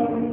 Thank you.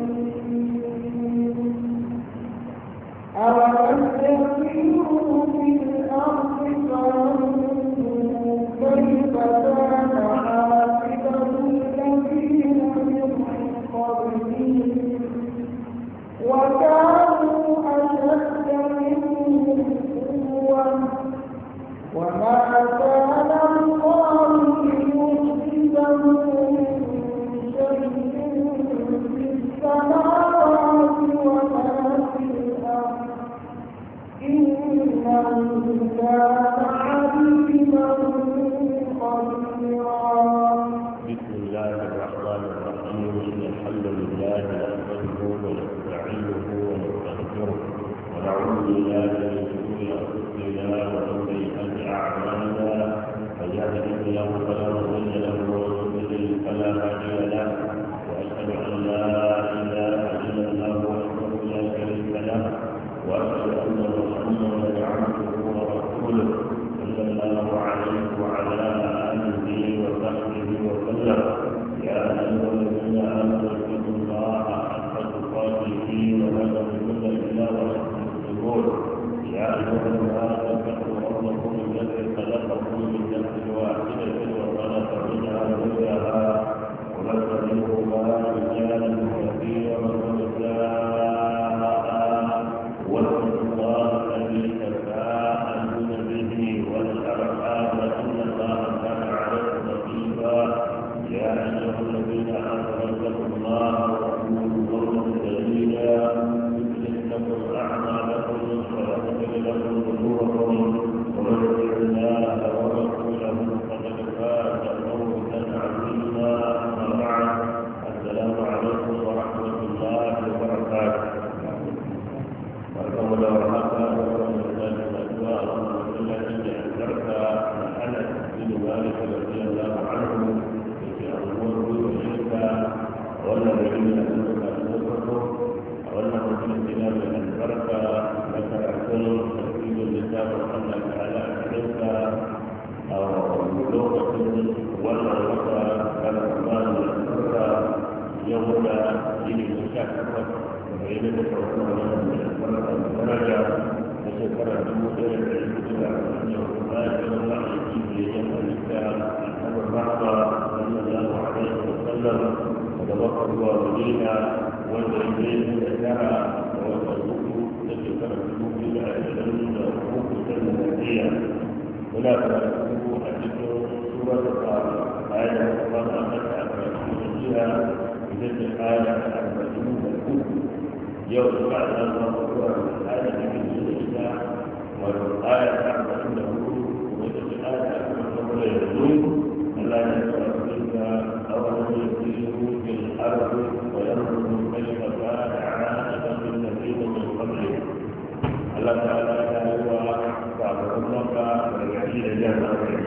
Allah ta ala ta yiwa sakamakon maka da gashi da jan hankali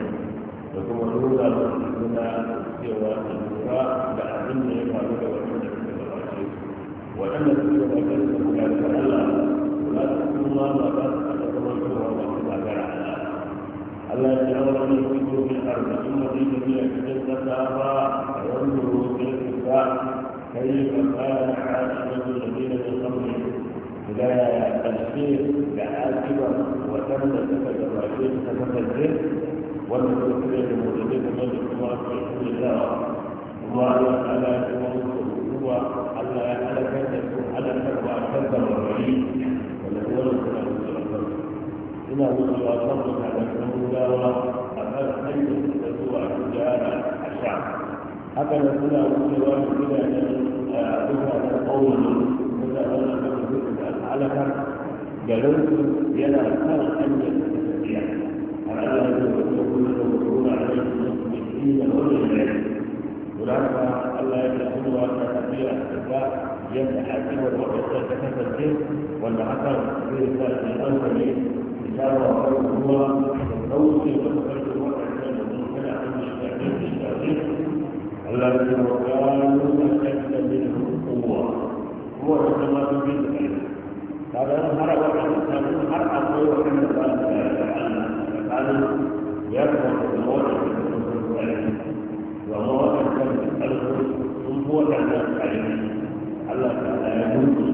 da kuma dole su nuna cewa su lura da abin da ya faru da waɗanda suka gabace waɗanda suka gabace su kula da Allah kula da kuma ba za su kada kuma cewa ba su gagara Allah Allah ya jawo wani fito min arzikin mutum da ya cikin kasa ba a wani rukun kusa kai ka kara da hajji da mutum da ke da لا تنسيق لعاقبة وتم تفكر الرئيس تتفكر والمسؤولية الموجودين من الله بإذن الله الله على هو على على كذا على كذا كذا الرئيس والذي ولد من الله إنه هو صدق على المولى أمر أن تسوى رجال الشعب هكذا كنا وجدنا من أبوها القول متأمل على garin su yana kan hanyar tafiya a ranar da wasu kuma da عليكم مسلمين rai su mutum الله على تقدير الحساب يد سوى الوقت تتكفل به والعقل في رسالة الأولين كتاب الله ونوصي وتفرد أن يستعمل الشريف الذي وكان أشد منه قوة هو كما تبين قالوا هر قالوا هر أقوى من قالوا يرفع الموت وهو كان الأرض ثم هو كان عليه الله تعالى يموت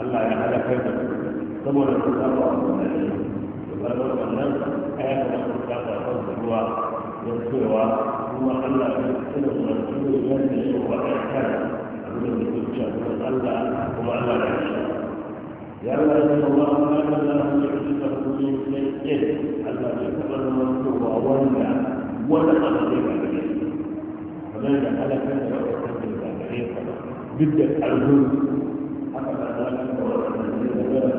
الله يعلى كيف ثم نتطلع وقالوا الناس آيات الكتاب هو يذكرها ثم قال يذكره ورسوله يذكره وإحسانه أقول لكم شاء الله وما لا يشاء يا أيها الله ما كان لهم يعجزه من شيء حتى يكبر المنصوب أولا ولقد غيب عليه فمن هلك يعتقد الكافرين ضد الهند هكذا ذلك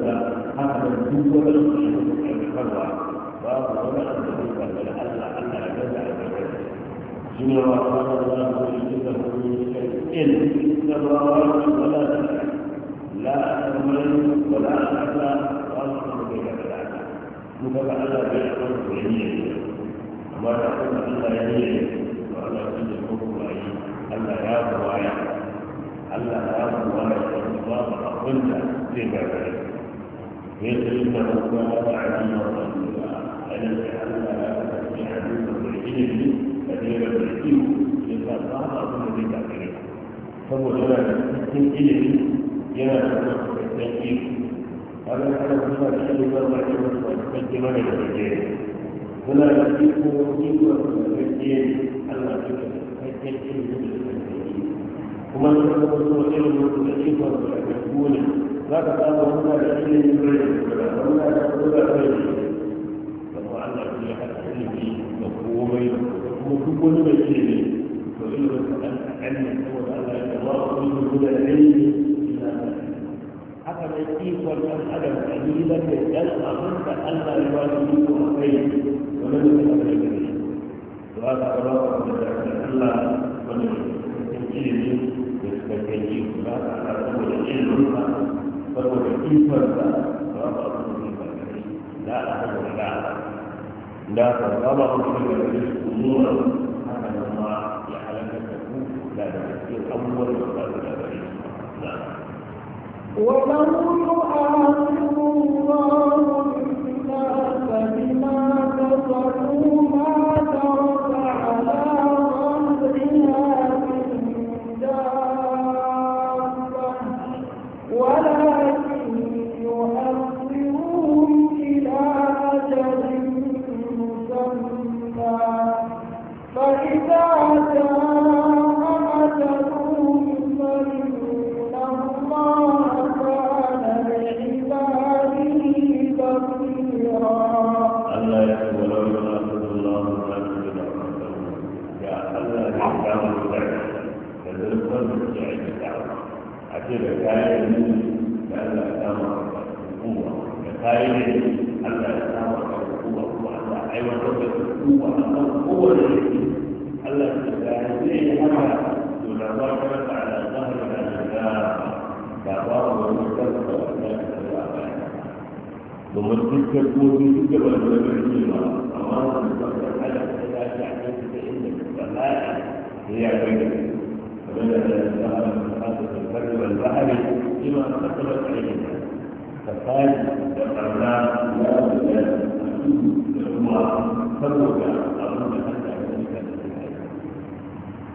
هكذا الدول الكفر فهو لا يستطيع لعل ان يجزع جميع ما قال الله يعجزه من شيء إن استمرار ولا تشرك لا تمل ولا تسى واصبر بك بالعدل مكفى على بيحفظ بعينيه وما تقول الا يمينه وانا كل الحكم عليه الا يا بوايا الا يا بوايا الله قلت لما بعيد يسلم الله عن رسوله الم جعلنا لك في حديث العلم كثيرا العلم إذا بك فهو جلد في العلم yana da cikakken iko haka kana suna cikin zama da cikakken mana da gaje muna da iko iko da cikakke Allah ya da kuma iko da cikakken iko kuma kuma zama suna irin wani kuma iko da cikakken ne kuma ka samu muna da kuma rai da muna da kuma rai da kuma Allah ya kuma ilimi da komai da kuma duk wani mai ilimi kuma ilimin kaɗan kaɗan ne kuma Allah ya ba wa kuma da ilimi haka mai ikon ɗan adam kalilan da ɗan abin da Allah ya wani iko a kai wani da kuma kai gare shi to haka ba ba ku da Allah wani ilimi da suka kai iko ba ka ta saboda ilimin ba saboda ikon ba ba ba ku da ikon gare shi da a haka da da ka ba ba ku da gare shi kuma haka nan ma ya halaka da ku da da cikin abubuwan da ba su da gare shi ولو يعاقب الله الناس بما كفروا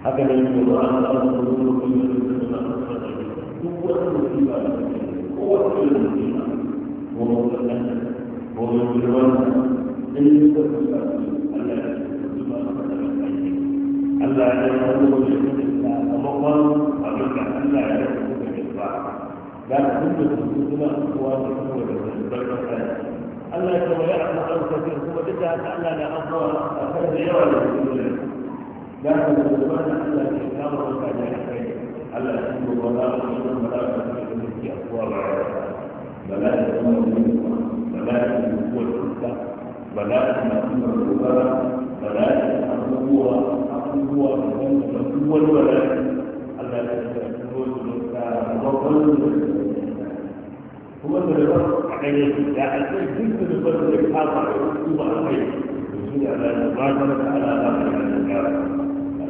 haka ne ne ba an san ko dole ko ne da duk wani mutum ba da ko wani mutum ba ko wani mutum ko wani mutum ba dan ne ko ba Allah ya tuba Allah ya tuba da kuma kuma abin da Allah ya tuba da ba da duk da kuma kowa da kowa da barka Allah ya tawaye a kan sarkin kuma duka Allah na an fara a kan da yawa da kuma لكن الزمان أن الإسلام وقع جاهزين ألا يحب ولا رسول ولا تكون في أقوال بلاء الأمور بلاء الأمور الحتى بلاء الأمور الكبرى بلاء الأمور الأمور الأمور البلاء ألا يكون الأمور هو تلفظ عقلية لا أكثر جزء تلفظ الإبحاث على الأسلوب على الخير وسوء على المبادرة على آخر الأسلوب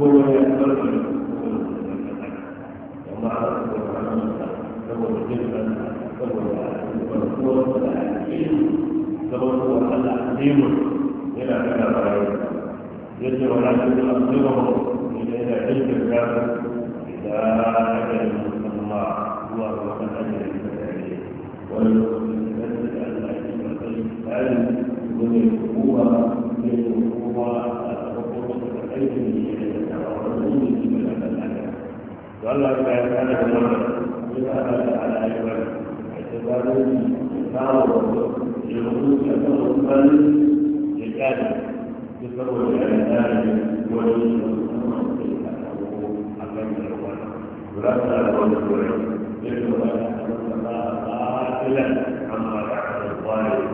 هو يقبل وما هو جدا هو العليم هو العليم إلى إلى غيره يجب أن تؤثره إلى علم الكافر إلى أجل مسمى هو هو الأجل الكافر ولو أن العلم الكافر يكون هو والله إذا كان هناك يسأل على أيضا اعتبار تعرض للخصوص أنه قبل للآدم يصور إلى الآدم وليس ولكن هذا هو الدور يجب ان عما يعمل الظالم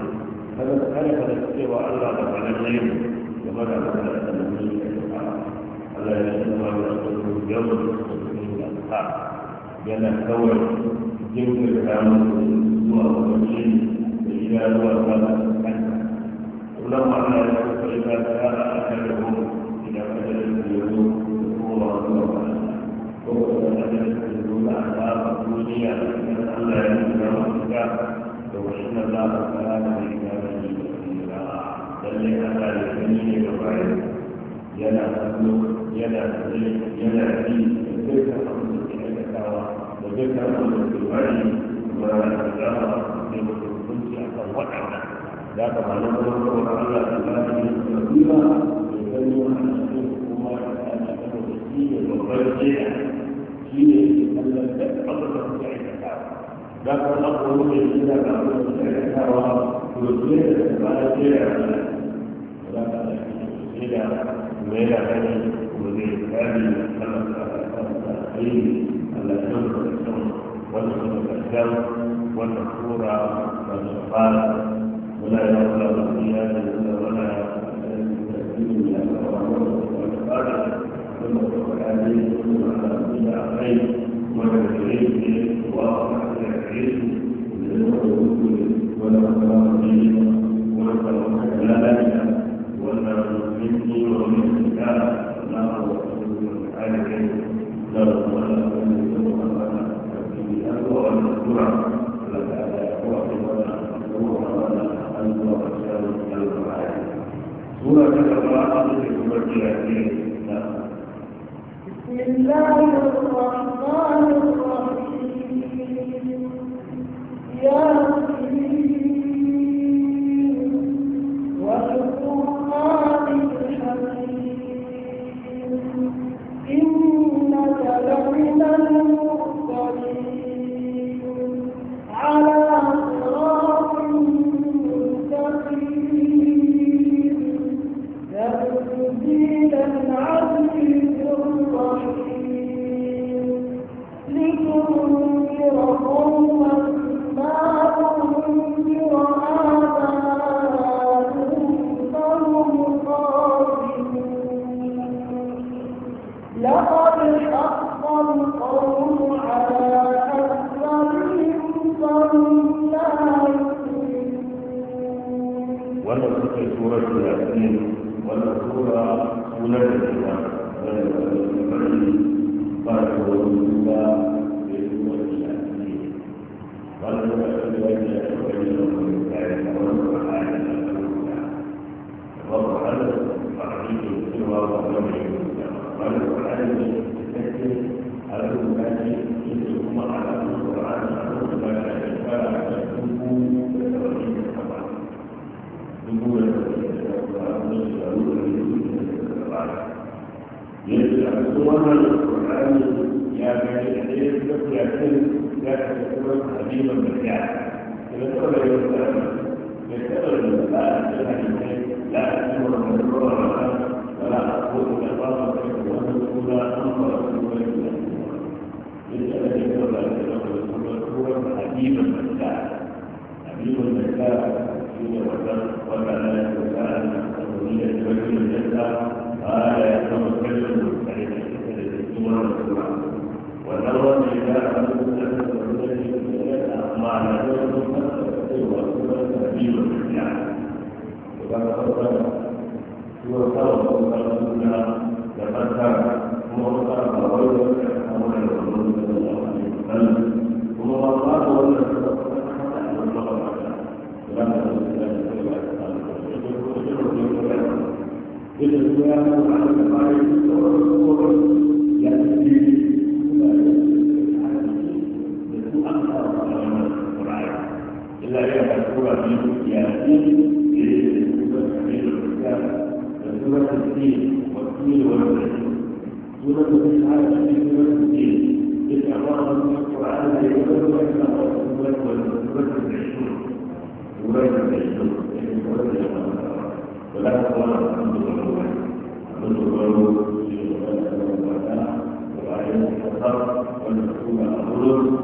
فلك ان تستطيع ان لا تعلم game da magana da mutum da duka Allah ya shi ma da su yawan mutum da duka yana kawai jirgin samun zuwa wani da gida zuwa samun kanta ulama Allah ya shi kai ta tsara a kan da mu idan ka da su yazo kuma ba su ba ko ka da su yazo da azaba duniya da Allah ya yi da mutum da wannan za a fara da shi ya haɗa da ne ga bayan yana hannu yana tsaye yana ji da dukkan abin da ke aikatawa da dukkan abin da ke bayi kuma da zama da mutum hukunci a kan waɗanda da ka ba na kuma kuma Allah da zafi da kuma da gani wani cikin hukuma da ta ce kama da shi ne babbar jiya shi ne ke kallon duk abin da ke aikatawa da ka wani abu da ke aikatawa to jiya da ba da jiya إلى وإلى غيره وزير الآبي خلق الأخير الأسود والأسود والأسود الأسود والمكفور والشقاء ولا يغلى الزيادة ولا تسليم ولا ثم الآبي ثم إلى غيره والمكفور وأصبح العلم لأنه ولا ترى ولا ترى لا لا Yeah. ne gaske a rubuta shi a rasu ƙwararra a ya gani a ɗaya da kuyatin ya حبيب المساء حبيب المساء شنو وزن وزن berhubung dengan Allah, berhubung dengan Allah, berhubung dengan Allah,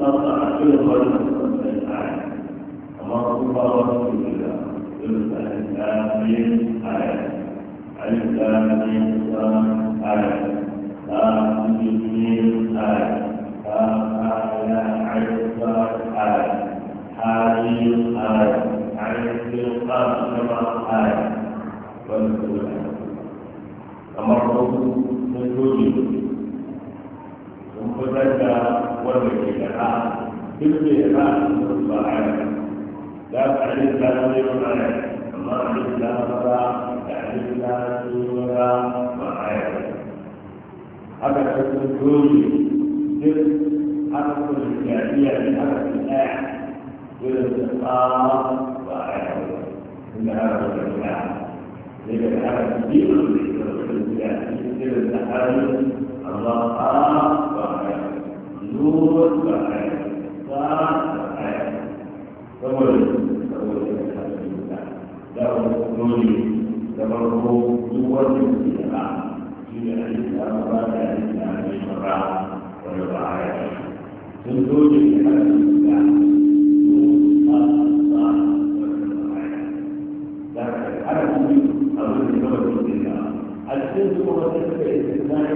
مقطع كل خلق الآية أما الله إلا الآمين آية الآمين آية آمين آية آية عيسى آية حاليل آية عيسى قاسم آية والسلام أمرهم من وجود kusan da wanda ke da ra'a duk mai ba a yi da a yi da ne wani a amma a yi da mara da a yi da ne ba a yi haka ta kun dole duk haka kun jariya ne haka kun ɗaya dole su tsara ba a yi inda haka kun jariya ne haka kun biyu da su da su da su الله فعل نور فعل صاد فعل تقول تقول الحمد لله له نوري له نور في السماء في الاسلام وبعد الاسلام شرع ويضع من دون الحمد لله ذلك الحمد لله الذي هو في الاستثناء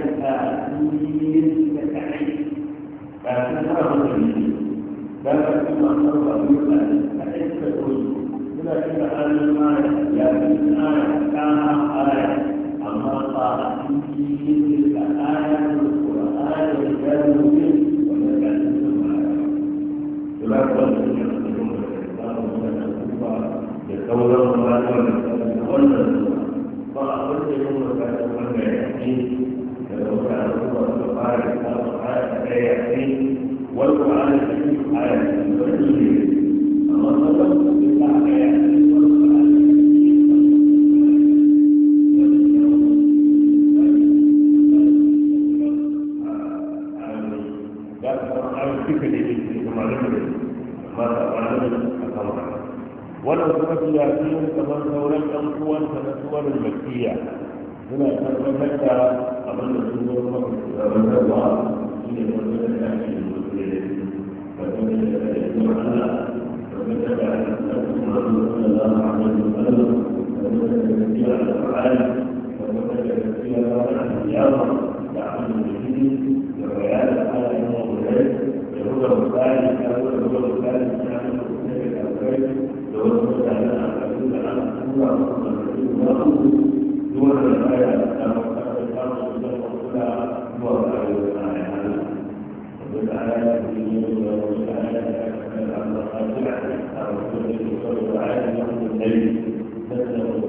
الليل تسلم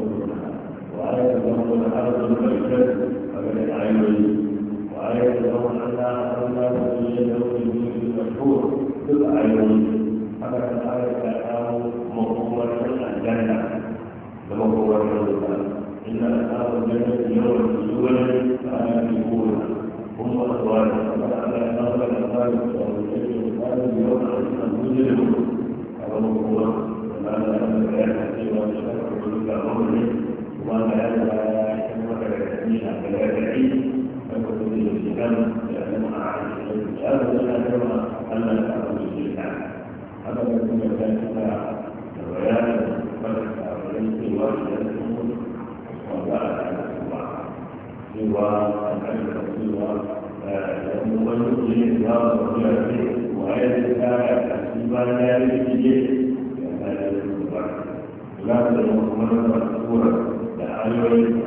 وآية الله الحرس المشهد فمن عيني وآية الله أنها أنها تسجد له في المشهور تبقى عيني فمن الآية أتاه مقومة الجنة لمقومة الجنة إن أصحاب الجنة يوم النزول فآمنون هم أزواجهم فأما أصحاب الأزواج فهم يجب أن يوم النزول فهم ويؤذي الله ويؤذيه ويدفع عن بلاده kula da mu'amalar da da ayoyi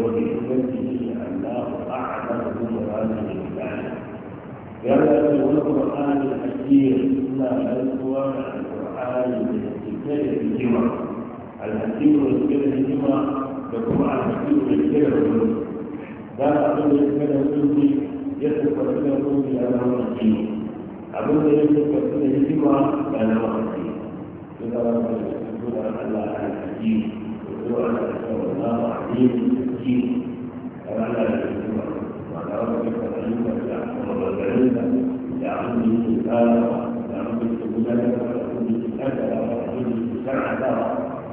وحكمته الله أعلم بمراده تعالى قال والقرآن الحكيم لا يسوى القرآن بالكتاب الجمع الحكيم والكتاب الجمع يقوم على الحكيم والكتاب الجمع ده أقول الكتاب الجمع يسوى الكتاب الجمع على الحكيم أقول يسوى الكتاب الجمع على الحكيم إذا رأى الله الحكيم وهو على الله العليم الدين كما لا يجوز وعلى ربك فعلمك ومغفرنك لعلي الآخر لعلي الأولاد ولعلي الأجل ولعلي الشرع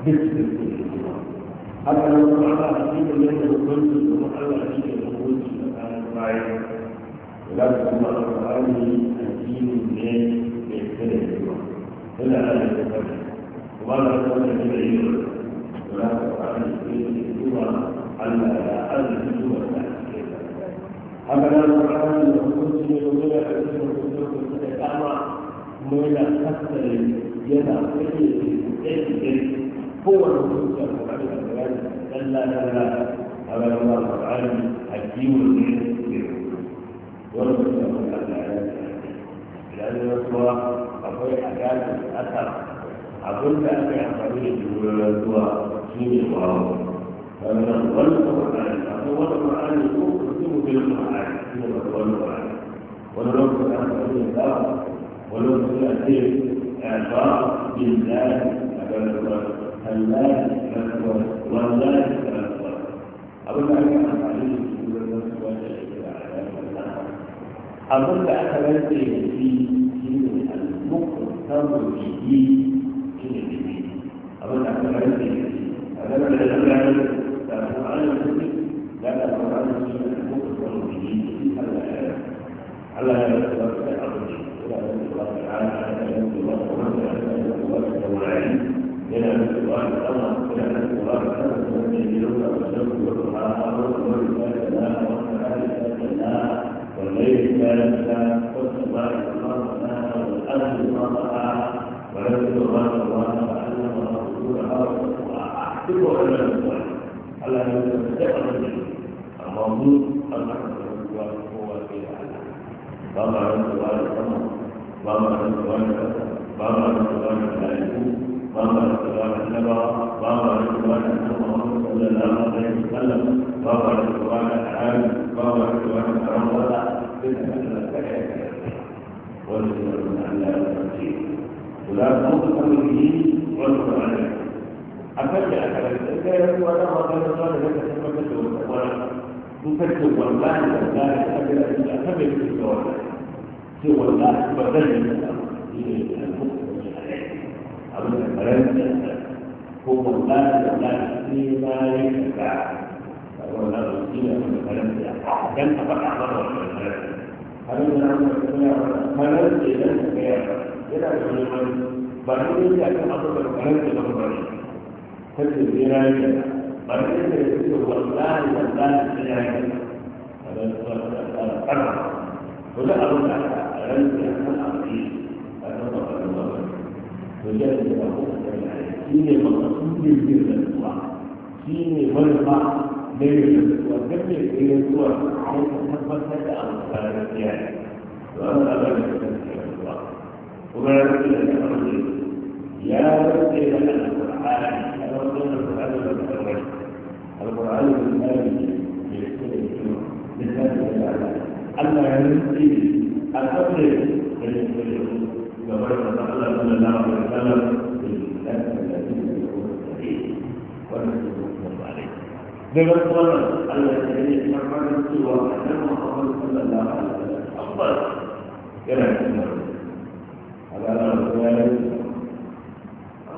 باسم كل هذا لو سمعنا حديث الذي قلت ومحل حديث الخروج مكان الفاعل ولكن الله القرآن الدين من يحترم إلا أن يتفرج وما لا يتفرج إليه ولكن القرآن الدين هو على أقل جزء هذا القرآن المخصوص يقول حديث الرسول صلى الله عليه وسلم مولى حتى يدع كل هو الرسول صلى الله عليه وسلم لا لا لا هذا الله القرآن حكيم ورسول الله صلى الله عليه وسلم لأن الرسول أخوي حكاية الأثر أقول لك أخي حكاية الرسول شنو والقرآن هو القرآن يحكم في القرآن هو القرآن ولو كان الإنكار ولو كان الإعطاء بالله الله أكبر والله أكبر أقول لك أنا عليه أقول لك أنا في المقتضى به أقول لك أنا في هذا العلم القرآن المسلم لا لا القرآن المسلم يكون به على على الوقت العظيم إلى أن الله تعالى إلى أن الله سبحانه إلى أن الله سبحانه وتعالى إلى أن الله الأمر إلى أن الله سبحانه وتعالى يجعلنا ونسلك والقرآن أمر ومن كان لا وقال كان لا والليل كان لا والصباح الله لا والأرض الله ولكن الله الله فأنما رسولها وأحسبها لنا Allah ya yi da wannan ne amma mu Allah ya yi da kowa sai da Allah ba ma ran da wani sama ba ma ran da wani kasa ba ma ran da wani malaiku ba ma ran da wani annaba ba ma ran da wani annaba sallallahu alaihi wasallam ba ma ran da wani arabi ba ma ran da wani karamata duka Allah ya yi wannan Allah ya yi da shi kula da mutum ne wannan Allah abin da aka rasa ga yan uwa da ma kan da da ka tabbata da wannan wannan mun kace wallahi wallahi ka ga da ka bai ki da wannan sai wallahi ba zan yi ba abin da karanta ko wallahi wallahi sai ba yi ka wannan shi ne abin da karanta dan ka faɗa ba wannan har yanzu an ka tsaya karanta idan ka ga yana da wani ba ne ya ka abin da karanta ba كل الجيران مركز يقول والله والله الجيران ولا أقول لك أنت أنا أقيل أنا أقول الله وجاءت أقول لك شيني مقصود الجير للسوا شيني مرفع مير للسوا كم يجير للسوا عايز تثبت هذا أمثال الجيران وأنا أقول لك أنت أقول الله وبعد ذلك يا رب إلى أن القرآن الإسلامي الله يرزقي الأمر وبارك الله صلى الله عليه وسلم dengan suara Allah jadi berfirman suara dan Muhammad sallallahu alaihi wasallam. Apa? Kira-kira. Ada orang yang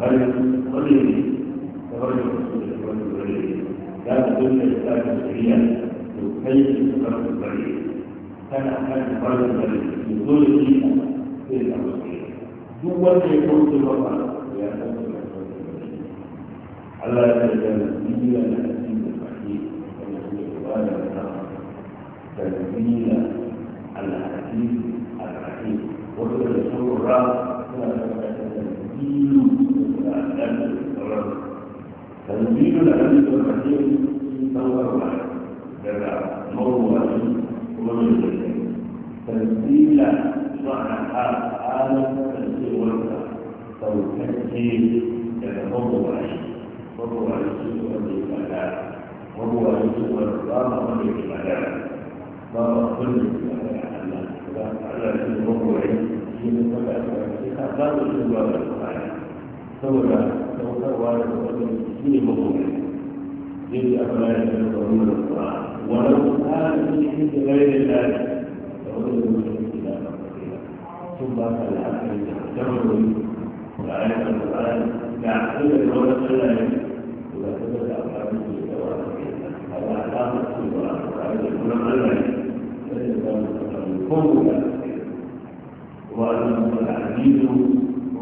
رجل قليل ورجل رسول قليل لا تدل الإسلام سريا يكيف الرجل القليل كان كان الرجل القليل يدل الدين في الأمر هو الذي يكون في الوضع على تجربة الحكيم الحكيم الذي قال تجميل الحكيم الحكيم وهو الرسول الرابع تنزيل الأحكام التوراة تنزيل الحديث الحكيم في التوراة جدع موضوع ومن تنزيل شرعها آلة تنزيل وزع توكيل جدع موضوع موضوع الشيء والإبادات وهو يجب الإقامة والإبادات فهو كل الإبادات على الإبادات على الإبادات في مستقبل الإبادات saboda saukarwa da wani shi ne mahimmanci zai afala da ta faru da kuma wani tsarin cikin da bai da tsari da wani da mutum ke da sun ba ka la'akari da jamurori da ayyukan da tsari da akwai da wani tsari ne da ta da amfani da da wani a ba a samun cewa a da kuma allah ne sai da za mu samu kowa da kuma a zama da aliyu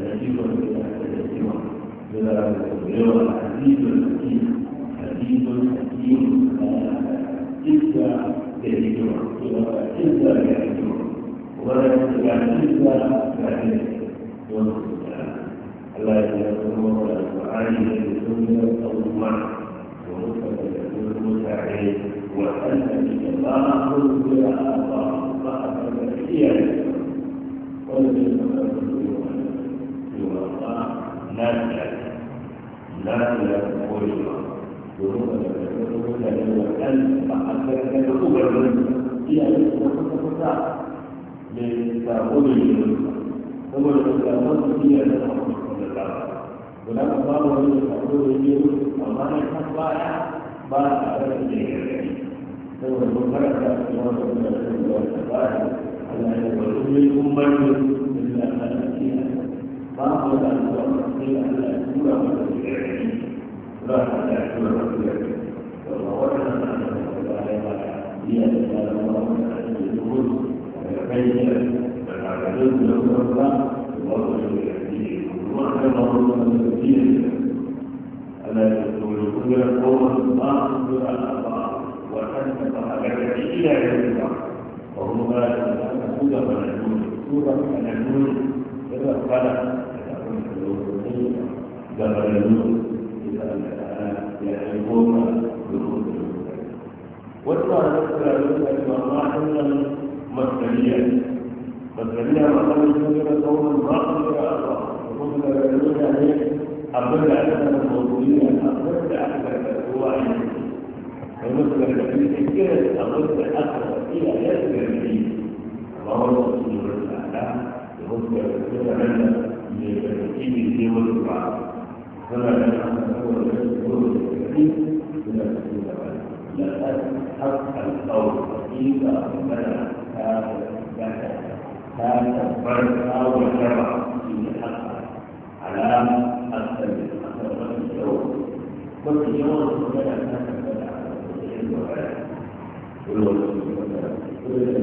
الذي هو التسمع وهو العزيز الحكيم عزيز حكيم تلك الهجرة تلك الهجرة ولا تلك الهجرة الله يجعله وعالم الدنيا أو معه ورفع الدنيا عليه وأن الله هو الله فقد هي ولم والقمر نازلة نازلة وجهة ذنوبا تكتبك لنا أن فحسنك الأولى إلى أن تكتبك لتأخذ الجنوب ثم تتأخذ هي تأخذ ولما قالوا أن تأخذ الجنوب وما يحصل بعد أخذ الجنوب ثم المنكرة تأخذ الجنوب على أن يكون منكم إلا أن بعض الأنوار هي أن أكون متفعلين لا أن أكون متفعلين والمواجهة أن هي أن الله الدخول ويبين العبادات له ربنا ووضع الأدين ومعنى مرور الأدين ألا يقول كل قوم بعض على بعض وأنت فعلت إلى يوم القيامة وهو ما يقول من النور سورة من النور إذا قال دخل النور إذا يحبون دخول وإذا ذكر ذلك مراحل مصدرية مصدرية مقام كبيرة قوم راقب إلى الله وقلت يقولون عليه أقل أحسن الموضوعية أقل أحسن الأسبوعية فمثل الذي ذكر أقل أحسن إلى يسر الدين الله سبحانه وتعالى يذكر عندنا ini jiwa juga kalau ada orang yang berani tidak berani lakukan hak atau kita pada kata kata berkau berkata ini hak alam asal asal itu berjauh kepada kata kata itu belum belum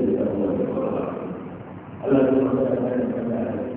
belum Allah Subhanahu wa taala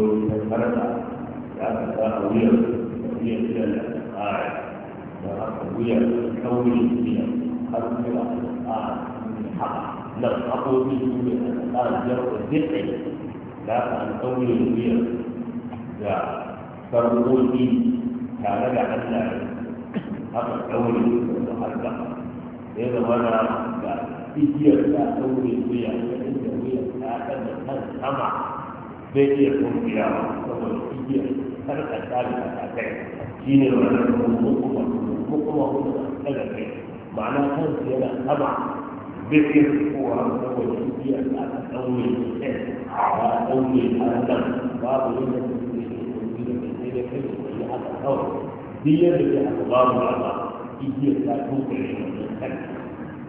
da farka da aka sa a wuyar iya iya da tsara da aka wuyar kauri iya har zuwa a haka nan abubuwan su ne a tsara jarwa zirɗai da aka kauri wuyar da farkoki tare da Allah haka kauri da harka ya zama na da igiyar da kauri wuya da inda wuyar ta kan sama bai iya kungiya saboda iya karka tsari a kai shi ne kuma hukuma hukuma hukuma daga kai ma'ana kansu yana sama bai iya kowa kuma iya a ɗaure a ɗaure a nan babu yadda su ne ke kungiya da sai da kai da ya haka kawai duk yadda ya haka babu rama iya ta tukure wannan kai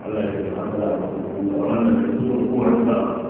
Allah ya yi haka da wannan da su kuma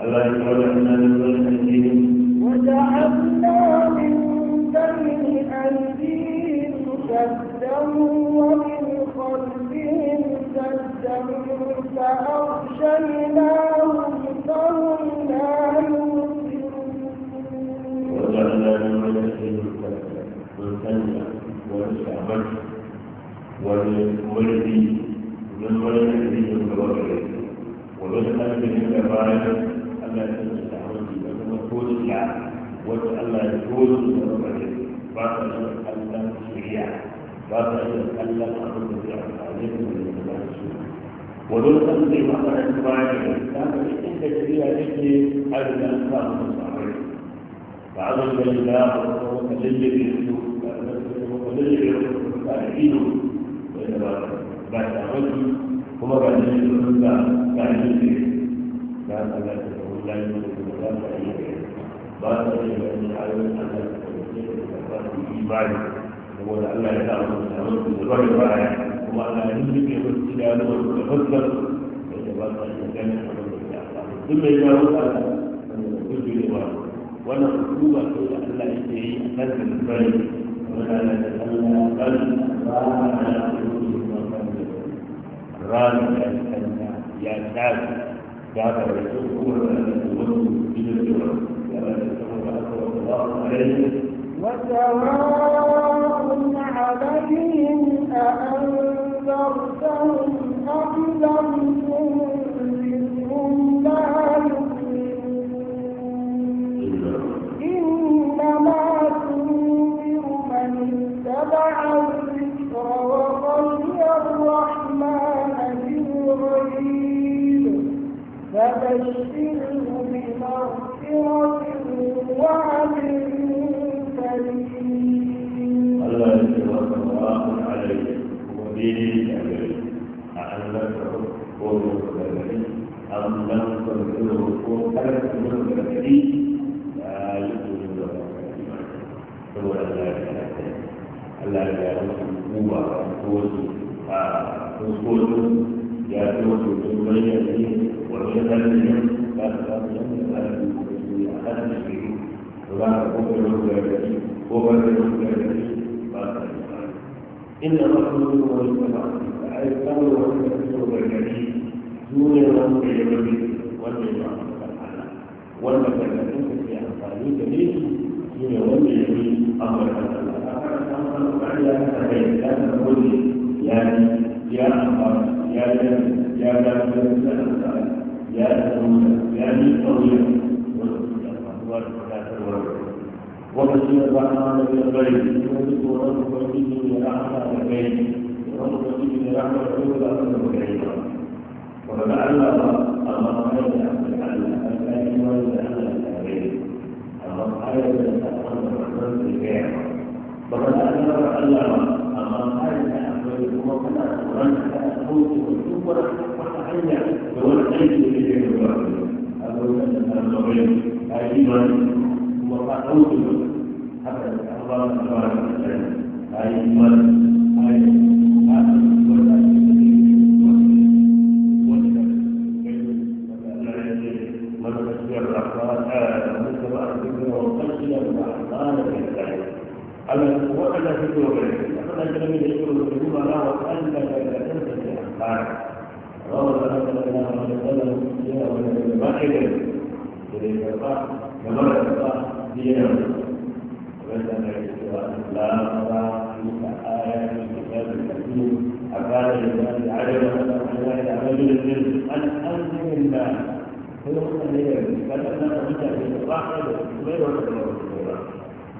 ألا يقول أن الذين وجعلنا من بين أيديهم سدا ومن خلفهم سدا فأغشيناهم فهم لا يبصرون وجعلنا من بين سدا والشعبة والولد من ولد من ولولا أنك من أبارك ألا تنسى عودي وكما تقول الله وتألا يقول الله بعد أن أتكلم شريعة بعد أن أتكلم أقول بشريعة عليكم من الله ولولا أنك ما كان أبارك كان عندك شريعة لك أجل أن تكون مصابرين فعظم الله وتجلي بالسوء وتجلي بالسوء وتجلي بالسوء وإنما بعد رجل kuma ba da shi sun ga gani ne na Allah ta kawo lafiya da za ta yi ba ta yi da ni ayoyin Allah ta kawo da ba ta yi imani saboda Allah ya sa mu da mu da ba ya baya kuma Allah ya yi ke wasu da da wasu da fassar da ba ta yi gani da ba ta yi duk mai ya wuce da ku ji ne ba wannan hukuma ce da Allah yake yi a kan ba bai wannan Allah ya san Allah ya san غالب يا شاذ يا رسول الله وسواء عليهم أأنذرتهم أم لم فبشره بمغفرة وعدل كريم الله يتوكل الله عليه ودين عليه أعلمك قوله كذلك أم لم تذكره قولك من كذلك لا يدرك هو الله الله يعلم قوة قوته آه، قوته يا قوته من يدين وشغل اليوم بعد بعد اليوم بعد أحد الشيء وبعد كفر الرجل هو بعد الرجل بعد إن الرسول والسماء عايز أمر والرسول والجليل دون الرسول والجليل والجماعة والمكان في أنصاري جليل دون والجليل أمر الله يعني يا أمر يا جليل يا جليل يا رسول يعني قوية وبشر الرحمن بالخير يرزق ربك به برحمة الخير ربك به برحمة الأولى والكريمة ولعل الله خير لعل الأكل ولعل الأكل الله خير لعل الأكل ولعل الأكل مرمائك وكما قرانك أخوك والكبرى وتحيى ووالعيد إليه الرحمة أبو سلم الزغير أيضا وقعوت حتى أخبار أخبار أيضا أيضا على وأنا في دوره فقدر من يقول القلوب على وأن لا تنسى الأخبار روى الله صلى الله عليه وسلم فيها ومن واحد إليك الله كما يرضى دينا وسلم الاستواء لا ترى فيك آية من كتاب الحكيم أكاد للناس عجبا أن رجل أن أنزل الله فيقول لي فلما أنت في الواحد غير وسلم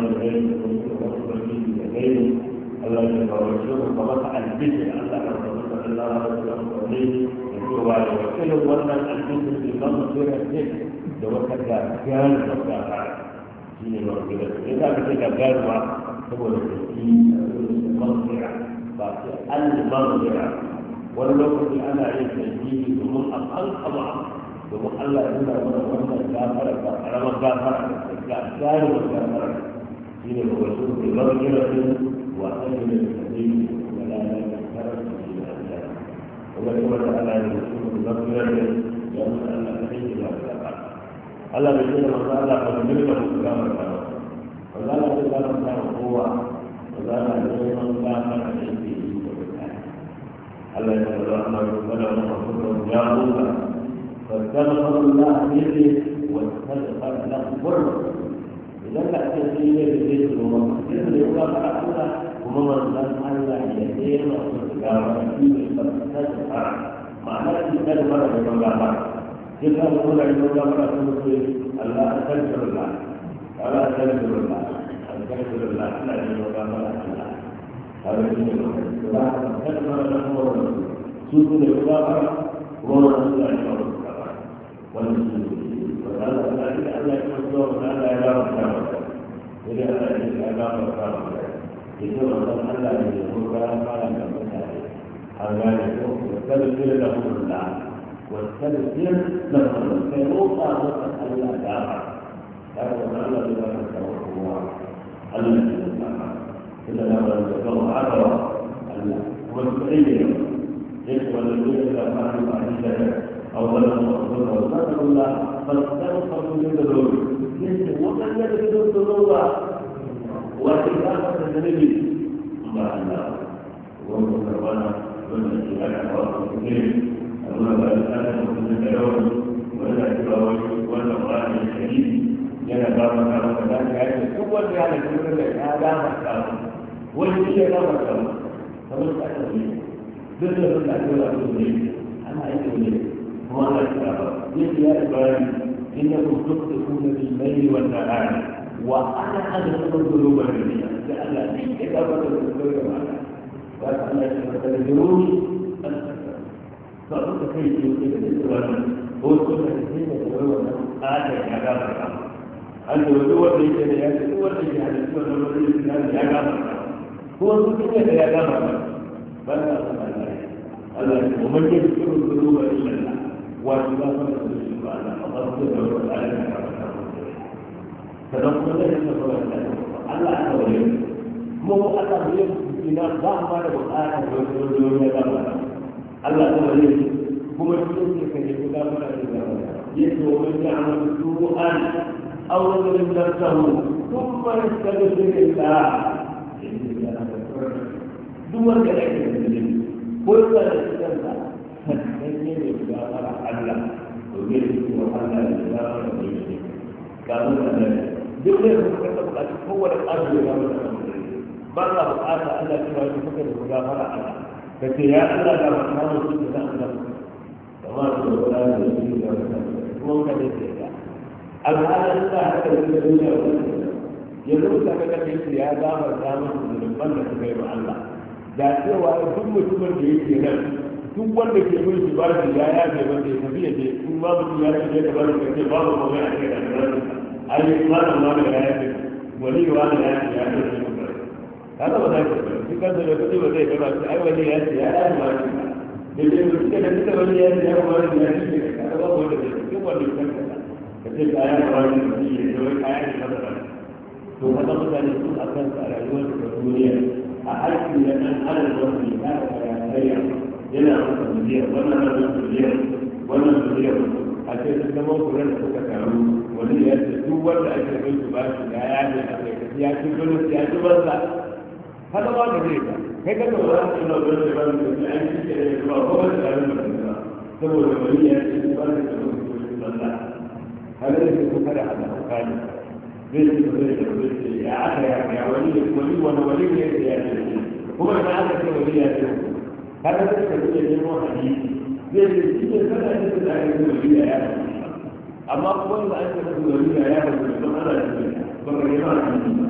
من غيره ويشوف من غيره الله يتوجهه فقط البدع الله ربنا الله ربنا وعلى وكل وانا البدع الإمام غير البدع لو كان كان وكان شيء مرتبط إذا كان كان هو المرجع المرجع ولو أنا عيد الدين ثم أنقض عنه domin Allah ya nuna mana wannan gafara ba karamar gafara da gafara da gafara إلى الوصول بمغفرة وأجر كريم ولا يكفرك في الأجر ومن وسأل عن الوصول بمغفرة يسأل عن خير ما سبق ألا بشيء ما سأل عن ملك الإسلام الكرم وزال الإسلام له قوة وزال الإسلام الكرم عندي الله يتبرأنا ربنا وحفظه يا الله فاستغفر الله به واستغفر له برده idan ka ake sai ya da zai zo ma sai ya ba ka Allah kuma manzon Allah ya tsere ma su ga wani da ta ta ma'ana shi da mara da banga ba sai ka zo da yau da mara sun ce Allah astaghfirullah Allah astaghfirullah astaghfirullah ina da yau da mara Allah kare shi ne ba ta mara da kuma su ne ba ba kuma Allah ya ba wannan shi ne وهذا ذلك ألا يحضر ألا يبارك له إذا ألا يبارك له يسوع ألا يجوك فلا يملك عليه هذا يسوع واستبدل له اللعن واستبدل له فيوقع وقت ألا يبارك هذا ما الذي لا يتوقع الله الذي يتوقع إلا لما يتوقع عبره ألا ومستعينه يشمل الذين لا يفعلون عن الله أو ظلموا أنفسهم وذكروا الله sun da zaune yace waɗanda da sun da wata ya fata da nabi ba wanda wanda ke haka ba su ne ba da da wanda ba wani wanda ba ne shari yana ba da ya yi duk wanda ya da kuma da ya wani shi ya ne duk da sun da ke ne ana yi إنكم تخطئون بالليل والنهار وأنا أدخل القلوب الجميع لأن في كتابة الكتب معنا وأنا تنزلوني فأنت كيف يمكن أن هو كل هذه هو آتى كتابة أنت هو في يجعل هو الذي يجعل هو الذي يجعل هو الذي يجعل فلا الله ومن يذكر الذنوب إلا الله وإذا فلت sannan kuma zai yi Allah kuma Allah ina ba ma da bukatar da wani wani ya gaba Allah ya kawo yau kuma da gaba ya yana da kansa وجيل وحنا الإسلام وجيل كانوا كذلك جملة مكتبة قد هو الأرض مرة بقاطع ألا كما يفكر المجافرة على فكي يا ألا لا مرحبا وكيف نأخذ كما تقول لا يجب أن ممكن يجب الآن الساعة الأولى يقول لك كيف يا دامر دامر من المنة غير الله ذاتي وأنا كل مجمع بيتي نفسي duk wanda ke bin shi bashi ya ya ce ba ke tafi ya ce in babu ya ce ya ta bari kace babu ba ya ce da bari ai malam ma da ya ce wani wa da ya ce ya ce kada ba zai ba shi kan da kudi ba zai ba shi ai wani ya ce ya ya ba shi da ke da kike da kike wani ya ce ya ba shi ya ce kada ba ba da duk wanda kan ka kace kaya ba shi ne ya ce kaya ne ba da to kada mutane su akan sa rayuwar da duniya a aikin da nan ana zuwa ne ta kaya yana masa miliyan wannan na masa miliyan wannan miliyan a ce su zama kuren da suka karu wani ya ce duk wanda ake bin su ba shi ya yaje a kai ya ci gudun ya ci banza haka ba ka zai ka kai ka kawo za su zama gudun da ba su da an ci ke da ya ba ko ba su karu ba su ba saboda wani ya ce su ba su da su ci banza har da su kuka da hada kuka ne zai ci ba zai da zai ce ya aka ya wani wani wani ne ya ce ya ce kuma da aka ce wani ya ce kada ta ka iya nemo hadisi zai ce shi ne kada ne da zai zuwa riya ya amma kuma da aka da zuwa riya ya ba ka don ana shi ba ka nema hadisi ba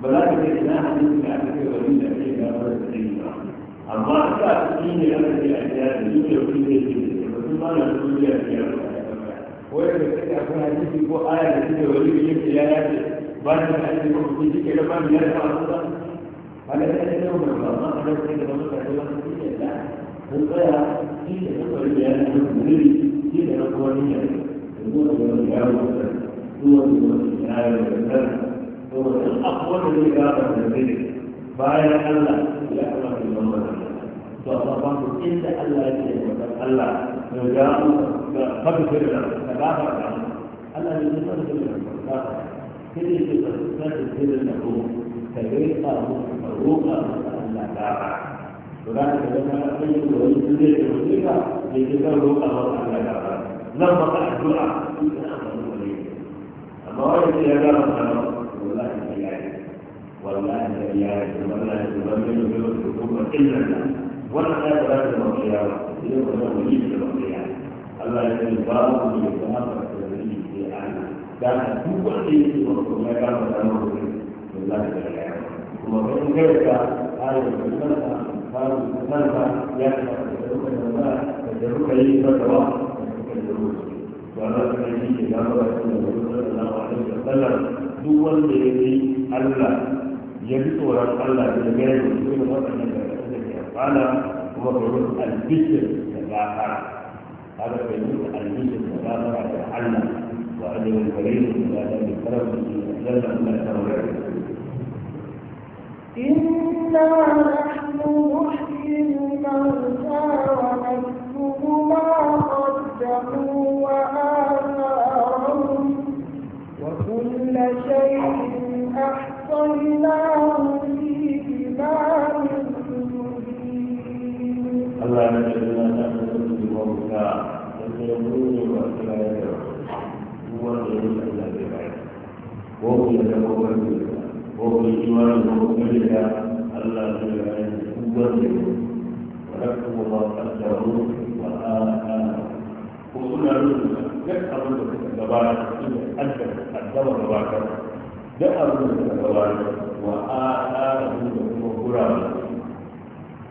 ba za ka ce ina hadisi da ka kai wani da ke da ba ka shi ba amma ka shi ne aka ce a ya da shi ne wani da ke da ba su ma na zuwa riya ya ba wai da kake akwai hadisi ko aya da shi wani da ya ya ba da hadisi ko kuma shi ke da ba da ya ba على ذلك يوم الله لو كان ربك على الله كثيرا لا فالقيا كيف تقول يا المسلمين كيف نقول يا المسلمين يا المسلمين هو المسلمين يا المسلمين هو الأقوى الذي قام بذلك بايع الله لا أمر الله فأصابته إلا الله يجب الله لو جاءوا فاغفر له تغافر عنه الله يجب أن يغفر له كيف يجب أن يغفر له ka rika musu ka roƙa musu Allah gaba to za ka ga kana kai da wani duniya da wani ka da ke zan roƙa musu Allah gaba zan maka addu'a in ka samu wani amma wani ke ya gama ka wallahi ka yayi wallahi ka yayi wallahi ka bari da wani da kuma illa na wannan ya ba da mafiya ba idan ka zama wani da mafiya Allah ya ce ba mu da kuma ka da wani ke ana da duk wanda yake wa kuma ya gama da wani wallahi ka yayi ومن ذلك قال المسلمة قال المسلمة يكفر يدرك الماء يدرك لي فتوى يدرك الدروس وما كان فيه لا رسول الله صلى الله عليه وسلم دول بيدي الله يبتو رب الله بالغير ويقول وطن قال هو بيقول البشر كذا هذا بيقول البشر كذا قال الله وأجل الكريم لا تنكره في الجنة ولا تنكره إنا نحن نحيي الموتى ونكتب ما قدموا وآثارهم وكل شيء أحصيناه في إمام الله نجعلنا نحن الموتى فسيقول وأسرائيل هو الذي الذي وهو يتوكل وفي الإيمان ومؤمنها ألا تجعل قوته ولكم الله قدره وآمنه وقلنا له يكثر من الجبال أدبر أدبر رباك دأر من الجبال وآمنه لكم قرآن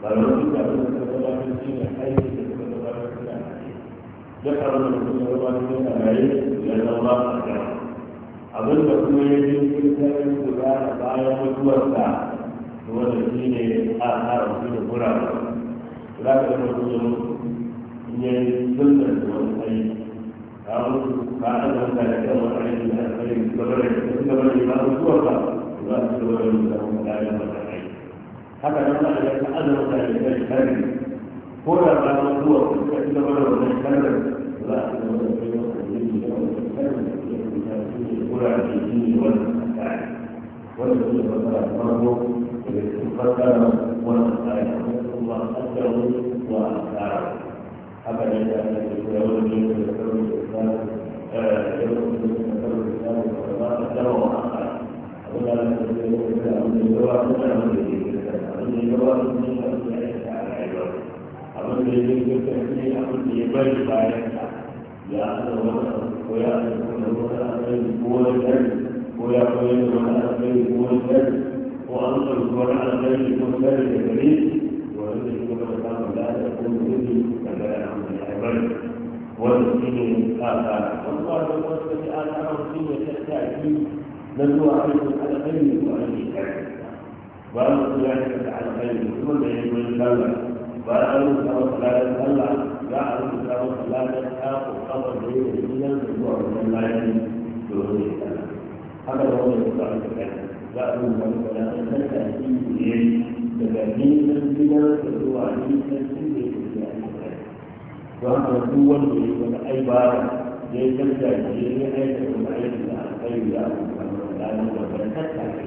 فلو كنت أقول لك تبارك الدين حيث تبارك الدين ذكر من الجبال من أمرين لأن الله أكبر abin da kuma ya ji guda gudana bayan mutuwarsa wanda shi ne a tsara su da ba za ka zama su zama yi sultan da wani sai ta mutu ka an zanta da wani aiki da alfari gabar da su gabar da ba mutuwarsa za su gabar da su zama kayan wata haka nan ba a yi ta azama da ya kai ko da ba mutuwarsa ba ci gaba da wannan karni za su gabar da su ba kayan wata aiki يقول عن الدين والمسائل والذي ذكر المرء يتقدم والمسائل الله قدره وأنكاره أبدا يقول من يذكر الإسلام يقول من يذكر الإسلام والله قدره وأنكاره ولا يقول من يذكر الإسلام من يذكر الإسلام أبدا يذكر الإسلام أبدا يذكر الإسلام أبدا يذكر الإسلام لأن على خير كل الوضع أبين هو الجن ويأتي الوضع أبين هو الجن وأنت الوضع أبين هو الجن الكريم وهذه كما لا تكون به كما عمل الحبل والمسلمين آثار والله بالنسبة لآثار المسلمين تستأتي نزلوا عليكم على خير وعلى الشر وأنا أقول لك على خير ثم يقول الله وأنا أقول لك على خير za a rubuta masa ladar kafin kafar da yau da gidan da zuwa wajen layan domin ya tsara haka da wanda suka aka kai za a rubuta masa ladar da ta yi ne daga nisan gidan da zuwa nisan inda ya tafi a aka kai don haka duk wanda ya wata aibara ya yi tafiya da ya yi aikata da aikin da aka kai da aka kai da ladar da ta tattare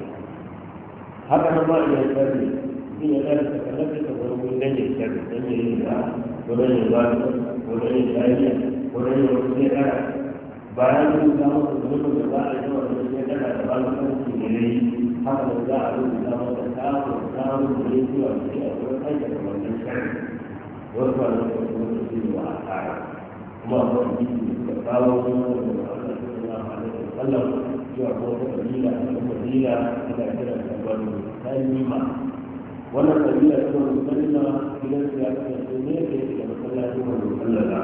haka na ma iya sarri in ya tsara sakamakon da wani dan ya sarri dan ya yi da wurin yin zafi wurin yin lafiya wurin yin wasu ne kana bayan sun samu zunubin da za a yi wa wasu ne kana da bayan sun su ne ne haka da za a rubuta masa samun samun da ya zuwa da shi a wurin aikata wannan shari wasu wani wasu wasu su ne wa a tsara kuma a wani jiki da suka kawo wani wani da Allah sallallahu alaihi wa sallam cewa ko ta kabila ta kabila ina kiran ta wani kalmima wannan kabila ta wani musamman gidan su ya kasance ne ke da masallacin wani musamman da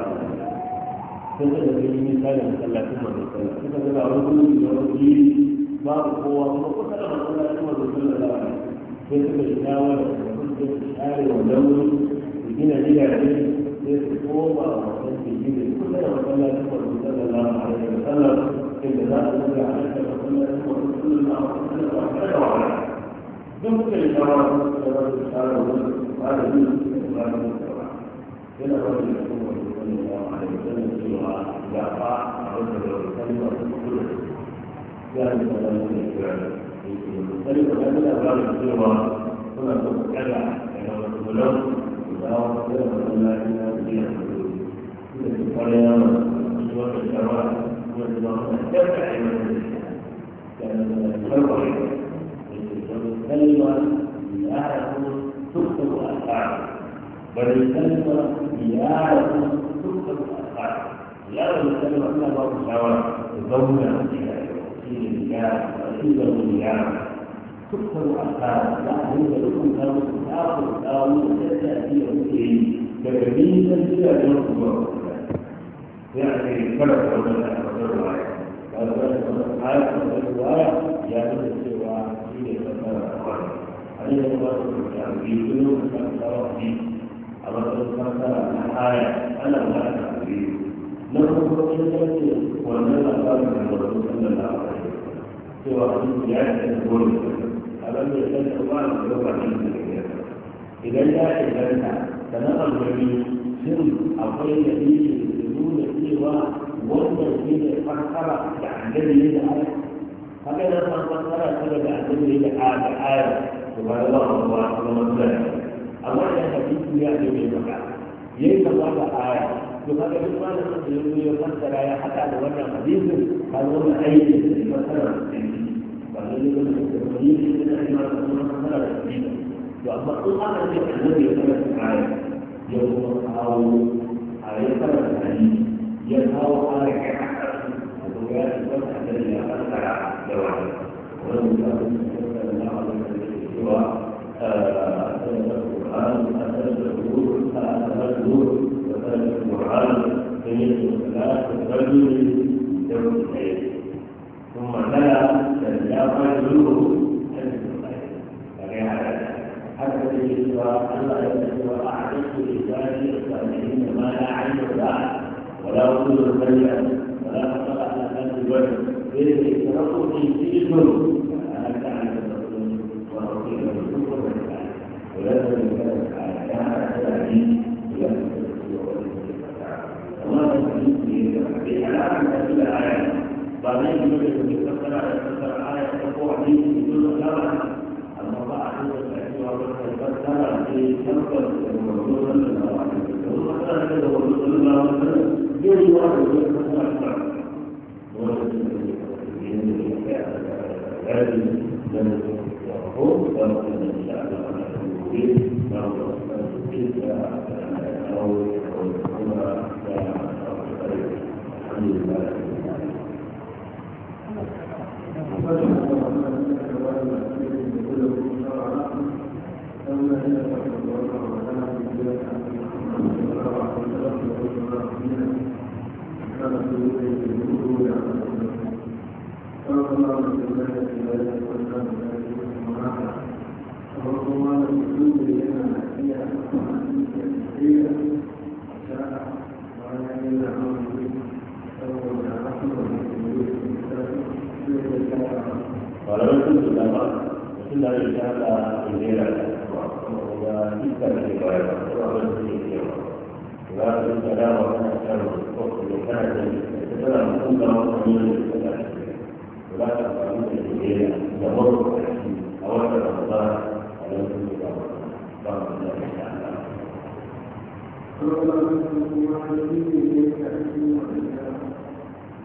sun da zai yi da masallacin wani musamman da zama wani gudu da wani jiri babu kowa kuma kusa da masallacin wani musamman da da suka yi shawara da suka da wannan wuri su gina gidaje sai su koma a wasan jiki da kusa da masallacin wani musamman da a wajen musamman inda za su zama a cikin kuma wani da a wajen musamman da duk da ya zama da za su tsara wani malami da ba da gaba yana ba da kuma wani yawa da sanin cewa ya fa a wata da wani kalma da kuma ya yi da wani ne kira da yake da wani da ba da cewa suna son kada da wani kulan da dawo da wani lafiya da ya fi da su kwarai yawa da su wata shawara da su wata shawara da su wata shawara da su wata shawara الكلمة يعرف تكتب الأفعال بل الكلمة يعرف تكتب الأفعال لا الكلمة إلا الله تعالى تزوج في الرجال وإلا الرجال تكتب الأفعال لا هي لكم تاخذ تاخذ تاخذ تأتي به تجميلا إلى جنب الله يعني كما تقول لنا الرواية الرواية يعني فإن الله يعبدون كالتوحيد أما تذكر الحياة أنا لا تعبد نحن قلنا وأننا قالوا عن الرسول صلى الله عليه وسلم سوى حديث يعرف الظلم ألم يكن الله يقول عن إذا لا إذا تنقل الجميع سن أقل فيه يسلمون فيه وأن فيه فكر يعتذر إلى هذا هكذا فكر سبب يعتذر إلى هذا سبحان الله وبارك الله أما أن حديث يعني بالمكان يجب الله آية وهذا ما نقول يفسر آية حتى لو أن حديث هل هو أي مثلا فالذي يقول الحديث من الإمام مثلا وأما القرآن الذي يفسر آية يوم أو آية الحديث ينهى آية ويأتي الفتح الذي يفسر جوابه ولو كان الله النور وثلاث القرآن بين الصلاة الرجل يوم الليل ثم بلى سلاط الجنوب حتى بالإسراء ألا يستوى أحدث لسان الصالحين ما لا عين رأت ولا أذن سمعت ولا خطر على ذات الوجه إذ التنصر في سجن فأنت عن الرسول ورسول الكفر والإسلام ولازم كان على يعني كان على عليه إلا إشاء إلينا وإذا كبار ومن سيئه لا تسأل ولا تسأل وقل كان تسأل كل وطنين تسأل ولا تسأل إلينا يمر أولا الله على كل أمر بارك الله تعالى Thank you.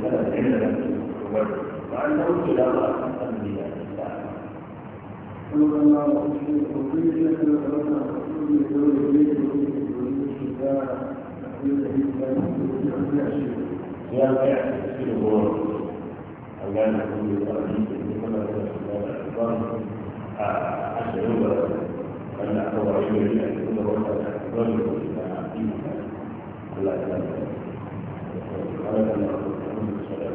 kada da a